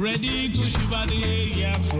ready to shiver the air yeah,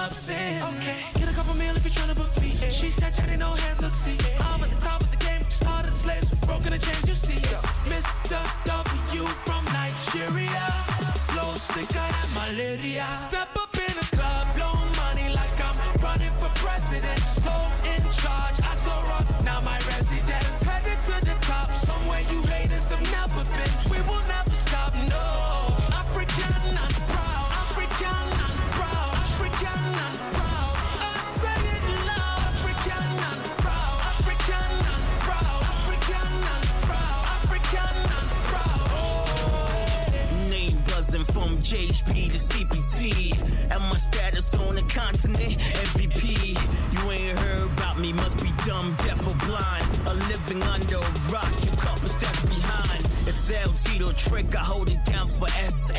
jumps in. Okay. Get a couple meal if you're trying to book me. She said that ain't no hands, look, see. I'm at the top of the game, started the slaves, broken the chains, you see. Yo. Mr. W from Nigeria, flow sicker than malaria. MVP, you ain't heard about me, must be dumb, deaf or blind. A living under a rock, you couple steps behind. It's El Tito trick, I hold it down for SA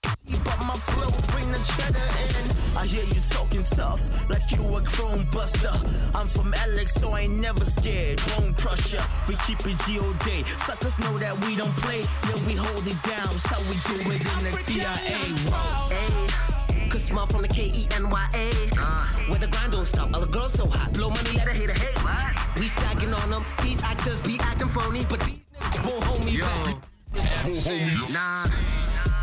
flow, bring the cheddar in. I hear you talking tough, like you a grown buster. I'm from Alex, so I ain't never scared. Won't crush ya, we keep it G.O.D. Suckers know that we don't play, yeah, we hold it down. So we do it in the CIA. because I A. Cause I'm from the K-E-N-Y-A uh, Where the grind don't stop, all the girls so hot Blow money, let her hate her hate what? We stacking on them, these actors be acting phony But these niggas won't hold me Yo. back Nah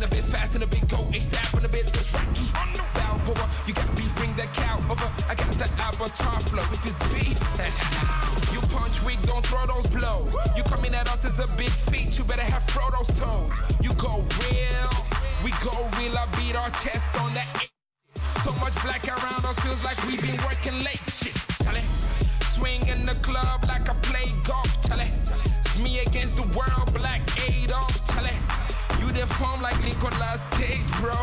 rapping a bit fast and a bit go ASAP and a bit less rocky. Balboa, you got beef, bring that cow over. I got that avatar flow if it's beef. you punch weak, don't throw those blows. You coming at us as a big feat, you better have Frodo's toes. You go real, we go real. I beat our chests on that. So much black around us feels like we've been working late. Shit, Charlie. Swing in the club like I play golf, Charlie. It's me against the world, black Adolf, Charlie. You the form like Nicolas Cage, bro.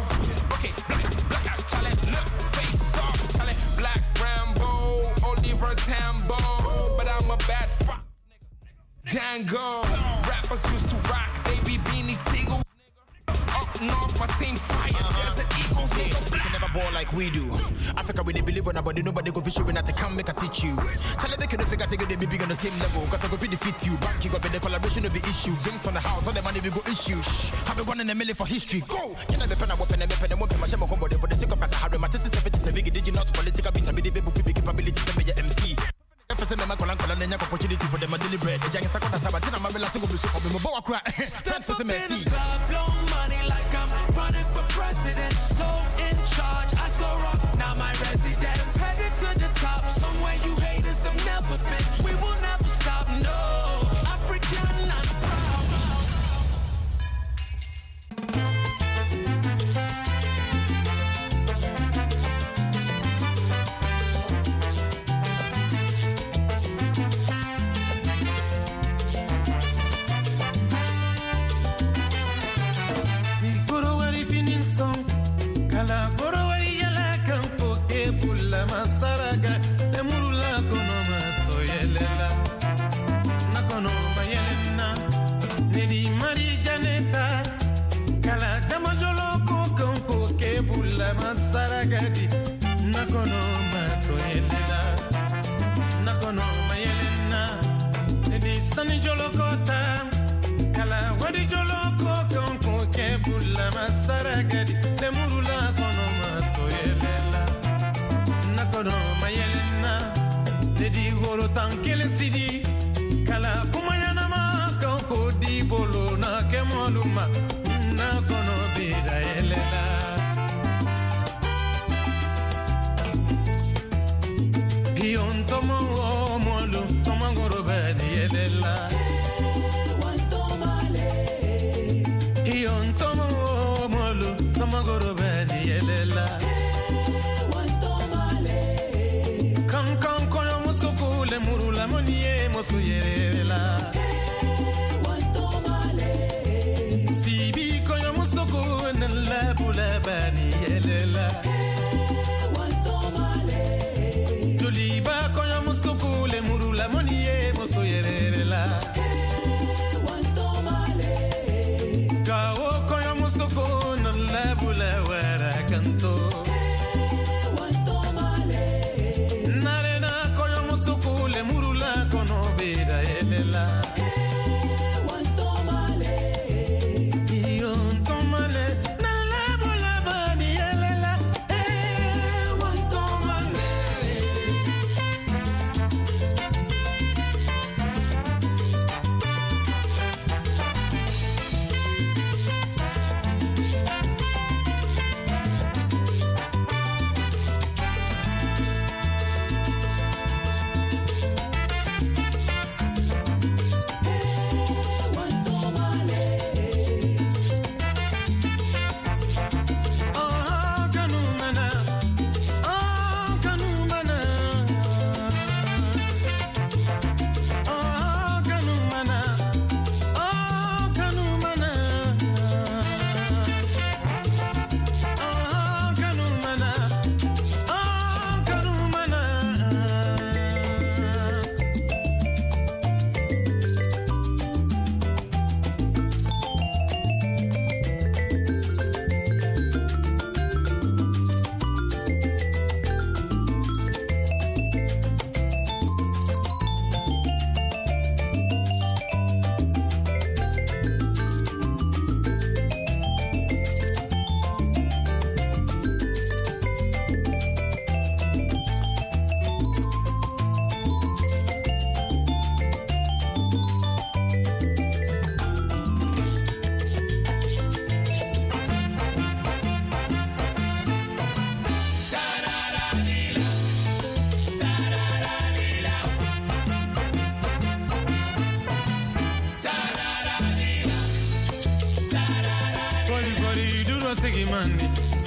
Okay, black, black out, challenge, look, face off, challenge, black Rambo, Oliver Tambo, but I'm a bad fuck, nigga. Django, rappers used to rock, baby beanie single starting off my team fire. Uh-huh. There's an equal yeah. You can never ball like we do. Africa, we they believe on nobody, nobody go fish when I come. make I teach you. Tell Challenge they couldn't figure, say they be big on the same level. Cause I go fit defeat you. Back you got the collaboration will be issue. Drinks on the house, all the money we go issue. Shh. Have been one in a million for history. Go! You know, the pen, I weapon, and weapon, and weapon, my shame, my combo, for the sake of us, I have my test is 77, did you not political beat, I be the baby, capabilities. send me your MC if am a call and call and opportunity for them a deliberate. The young second sabatina, my belly single so me bow Step up in the club, blow money like I'm running for president. So in charge, I saw rock, now my residence. Headed to the top, somewhere you haters have never been. city, go to Tankele city.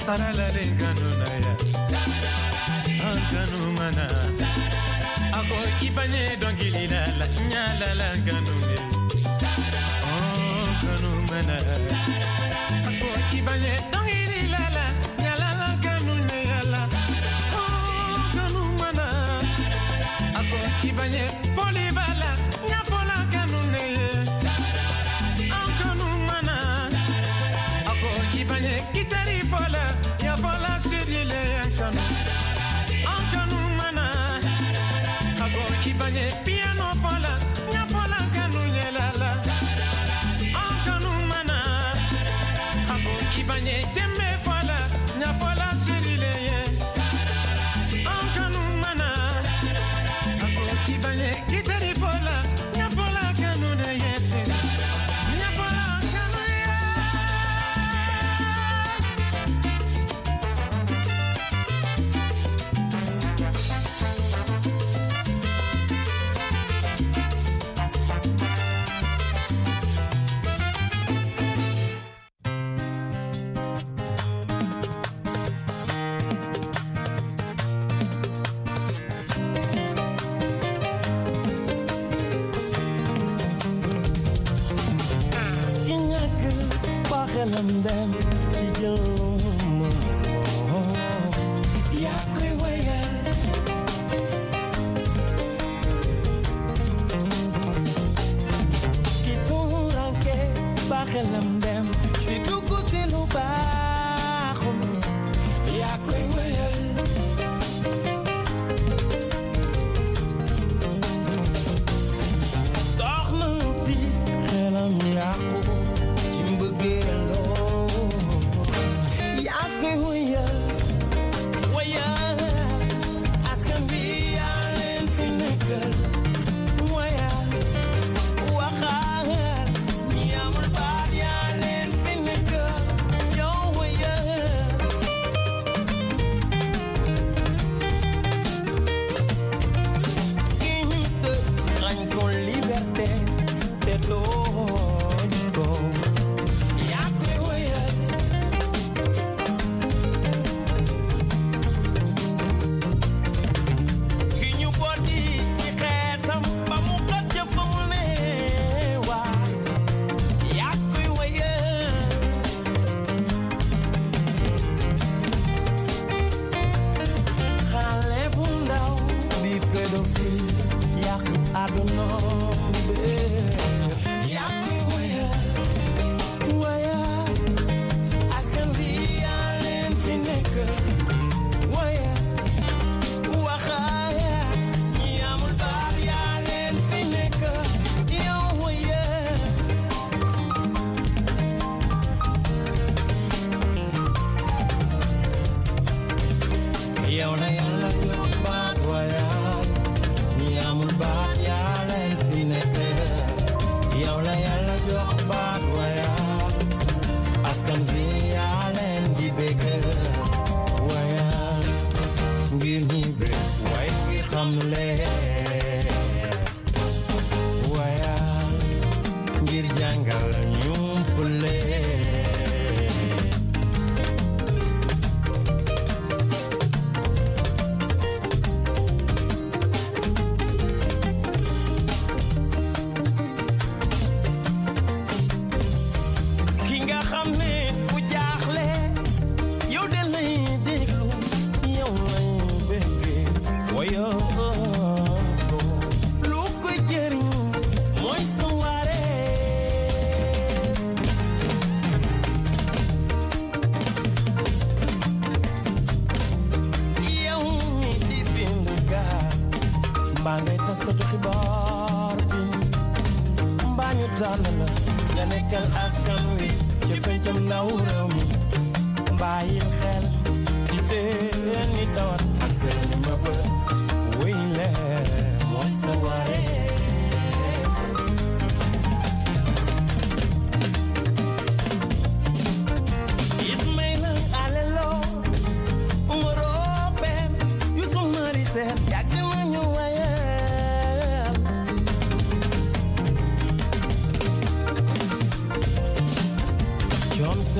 saralale ngano na ya ngano mana ako ibanye dongili la la nyala la ngano me ngano mana ako ibanye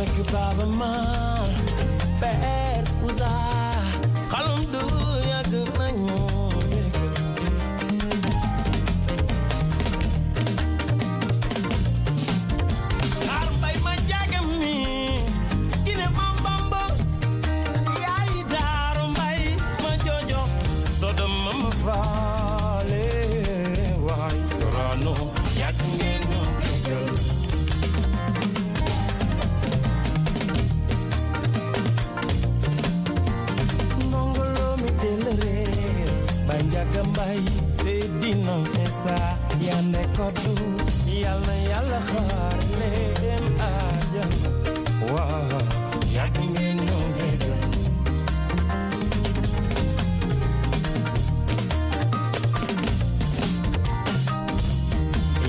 giấc ba ba mai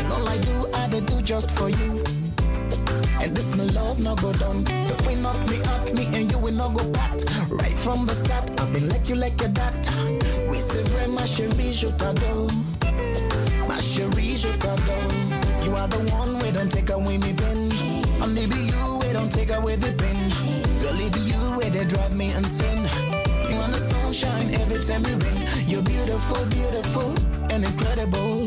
And all I do, I dey do just for you. And this my love no go done. The queen of me up me and you will not go back. Right from the start, I've been like you like a dat. We say very my chérie, je t'adore. My chérie, je t'adore. You are the one we don't take away me pain. Only be you we don't take away the pain. Girl, it be you where they drive me insane. You want the sunshine every time you rain. You're beautiful, beautiful, and incredible.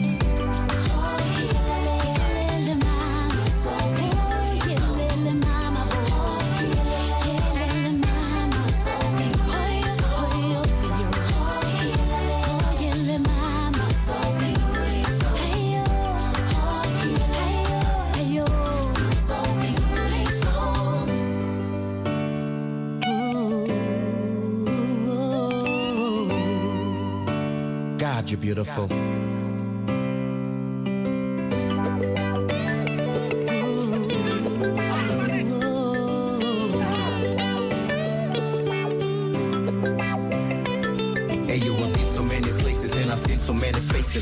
you're beautiful.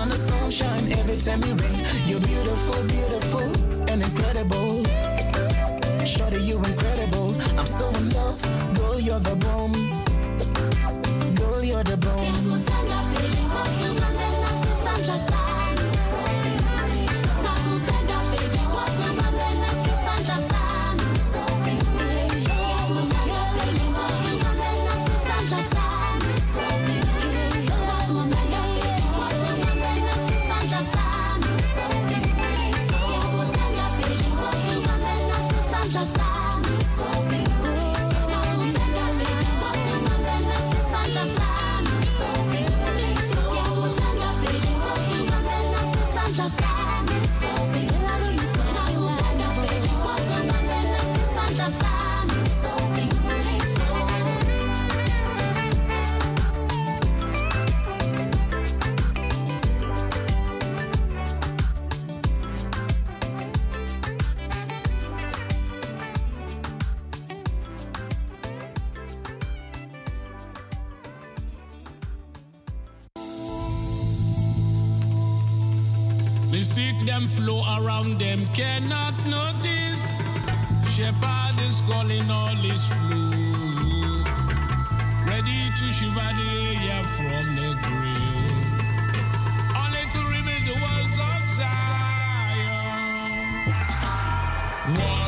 on the sunshine every time you rain. You're beautiful, beautiful, and incredible. Shorty, you are incredible. I'm so in love. Girl, you're the bomb. Girl, you're the bomb. cannot notice. Shepherd is calling all his flock, ready to shiver the air from the grave. Only to rebuild the walls of Zion. One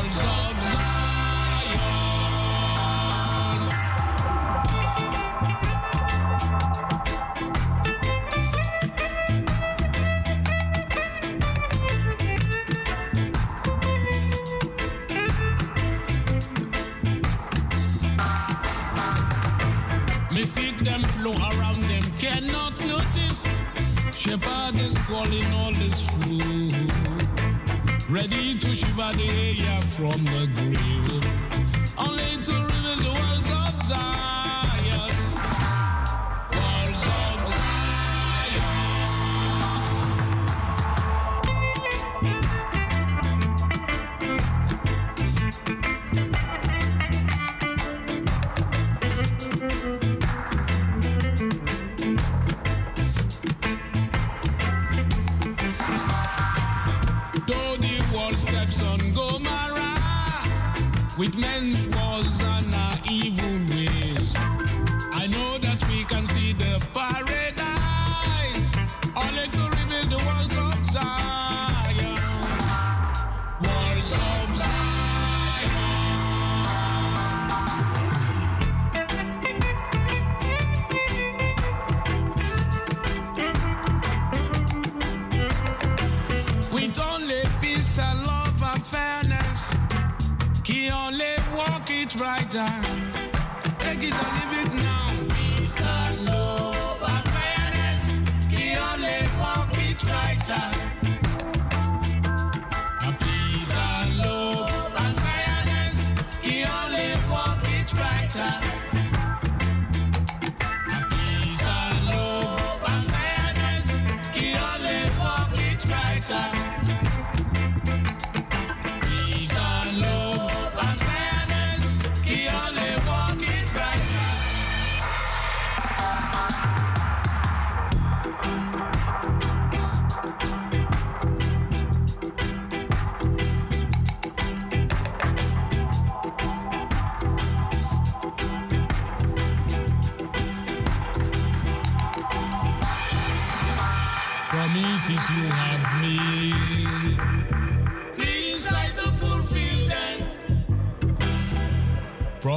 blood is calling all is truth, Ready to shiver the air from the grave. Only to with men's war.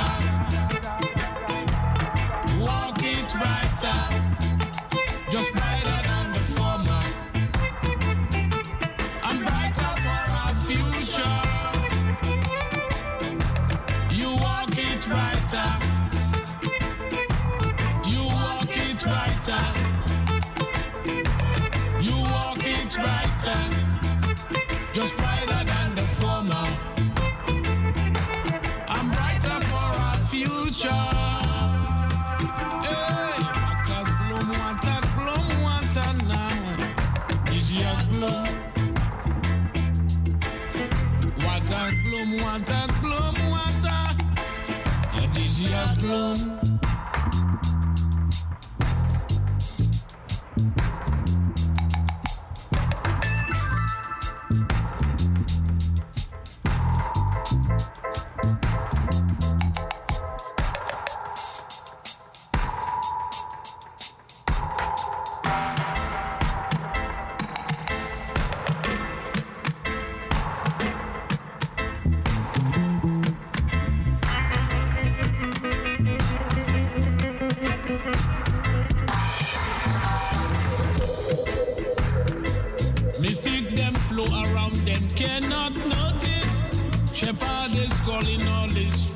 Yeah.